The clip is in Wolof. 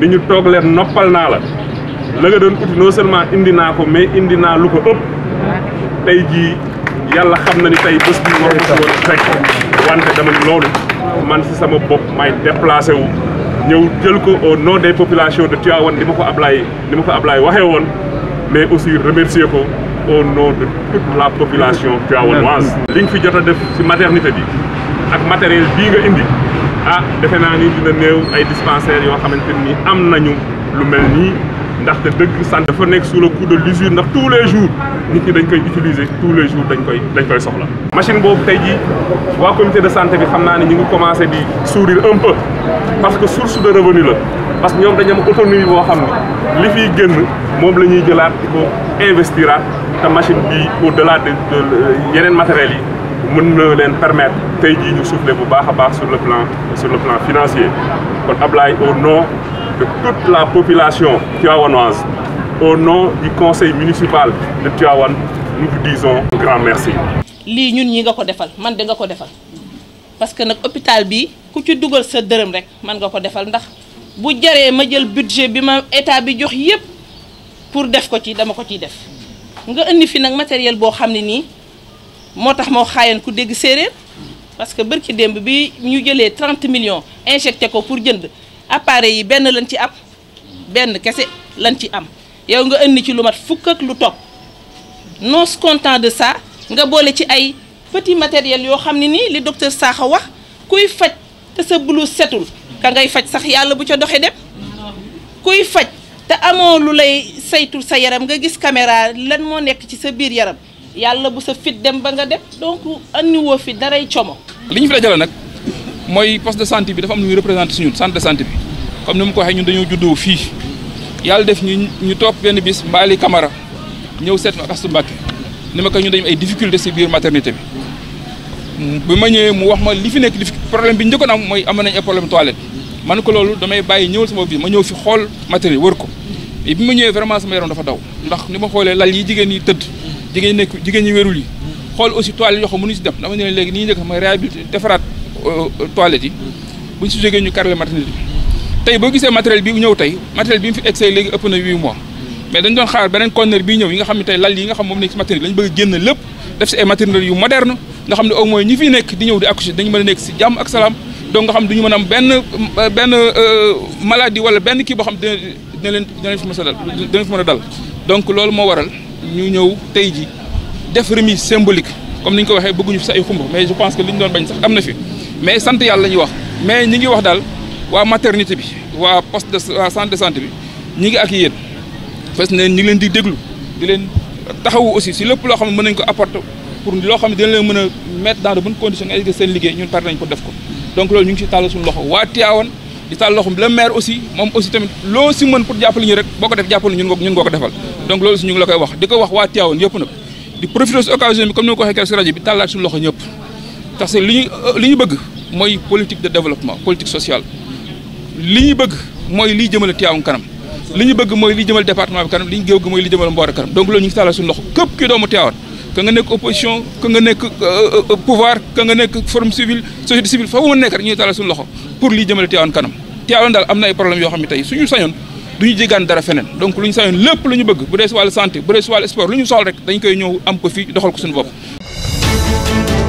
di ñu toog leen noppal naa la la nga doon uti non seulement indi naa ko mais indi naa lu ko ëpp tey jii yàlla xam na ni tey bés bi war ko woon fekk wante dama ni loolu man si sama bopp may déplacé wu ñëw jël ko au no de populations de Tivaouane di ma ko Ablaye ni ko Ablaye waxee woon mais aussi remercier ko au nom de toute la population tivaouanoise li nga fi jot a def ci maternité bi ak matériel bii nga indi ah defe naa ni dina néew ay dispensaires yoo xamante ni am nañu lu mel nii ndaxte dëgg sant dafa nekk sous le coup de l'usure ndax tous les jours nit ñi dañ koy utiliser tous les jours dañ koy dañ koy soxla. machine boobu tey jii waa comité de santé bi xam naa ne ngi commencé di sourire un peu parce que source de revenu la parce que ñoom dañu am autonomie boo xam ne li fiy génn moom la ñuy jëlaat di ko machine bi au delà de yeneen matériels yi mën na leen permettre tey nous ñu souffler bu baax baax sur le plan sur le plan financier kon Ablaye au nom de toute la population tiawanoise, au nom du conseil municipal de Tivaouane nous vous disons grand merci. Li ñun ñi nga ko defal man de nga ko defal parce que nag hôpital bi ku ci dugal sa dërëm rek man nga ko defal ndax bu jaree ma jël budget bi ma état bi jox yépp pour def ko ci dama ko ciy def nga indi fi matériel boo xam ne moo tax moo xaayan ku dégg séeréer parce que bërki démb bi ñu jëlee 30 million injecté ko pour jënd appareil yi benn lañ ci am benn kese lañ ci am yow nga indi ci lu mat fukk ak lu topp non content de ça nga boole ci ay petit matériel yoo xam ne nii li docteur Sakho wax kuy faj te sa blouse setul ka ngay faj sax yàlla bu ca doxe dem kuy faj te amoo lu lay saytu sa yaram nga gis caméra lan moo nekk ci sa biir yaram yàlla bu sa fit dem ba nga dem donc anniwoo fi daray como li ñu fi dajale nag mooy poste de sant bi dafa am lu ñuy représenté suñu sant de santé bi comme ni mu ko waxee ñun dañoo juddoo fii yàlla def ñu ñu toog benn bis mbaali Camara ñëw seet ma Astou Mbacké ni ma ko ñu dañu ay difficulté si biir maternité bi mm, bi ma ñëwee mu wax ma li fi nekk problème bi njëkkoon am mooy amoon nañu ay problème toilette man ko loolu damay bàyyi ñëwal sama bi ma ñëw fi xool matériel wër ko bi ma ñëwee vraiment sama yaram dafa daw jigéen ñi tëdd jigéen nekk jigéen ñi wérul yi xool aussi toilettes yoo xam mënuñu si dem dama ne léegi ni ñu njëkk mooy réhabilité defaraat euh, toilettes yi buñ si jógee ñu carrelé maternité bi tey boo gisee matériel bi ñëw tey matériel bi mu fi egsee léegi ëpp na huit mois mais dañ doon xaar beneen conteneur bi ñëw yi nga xam ne tey lal yi nga xam moom nekk si maternité lañ bëgg génn lépp def si ay maternité yu moderne nga xam ne au ñi fi nekk di ñëw di accoucher dañu mën a nekk si jàmm benn benn euh, wala benn kii boo xam dina dina leen dina leen fi mën a a dal donc loolu moo waral ñu ñëw tey ji def remise symbolique comme ni ñu ko waxee bëgguñu fi sa ay xumb mais je pense que li doon bañ sax am na fi mais sant yàlla ñu wax mais ñi ngi wax daal waa maternité bi waa poste de sant centre de santé bi ñi ngi ak yéen fas ne ñi leen di déglu di leen taxawu aussi si lépp loo xam ne mën nañ ko apporter pour loo xam ne dina leen mën a mettre dans de bonnes conditions nga seen liggéey ñun pare nañ ko def ko donc loolu ñu ngi si tàllal suñu loxo waa Tivaouane ko def jàppale ñun ñun ngoo ko donc loolu si ñu ngi la koy wax di ko wax waa Tivaouane yëpp nag di profité si occasion bi comme ni ma ko waxee keroog si bi tàllaat suñu loxo ñëpp parce que li ñu ñu bëgg mooy politique développement politique sociale li ñu bëgg mooy liy jëmale Tivaouane kanam li ñu bëgg mooy liy jëmale département bi kanam li ñu bëgg mooy liy jëmale Mbour kanam donc loolu ñu ngi loxo nekk opposition ka nga nekk euh, euh, euh, pouvoir nekk ñuy tàllal suñu loxo pour lii jëmale Tivaouane kanam Tivaouane daal am na ay problème yoo xam ne tey suñu sañoon du ñu jéggaan dara feneen donc lu ñu sañoon lépp lu ñu bëgg bu dee si wàllu santé bu dee si wàllu sport lu ñu soxla rek dañ koy ñëw am ko fii doxal ko suñu bopp.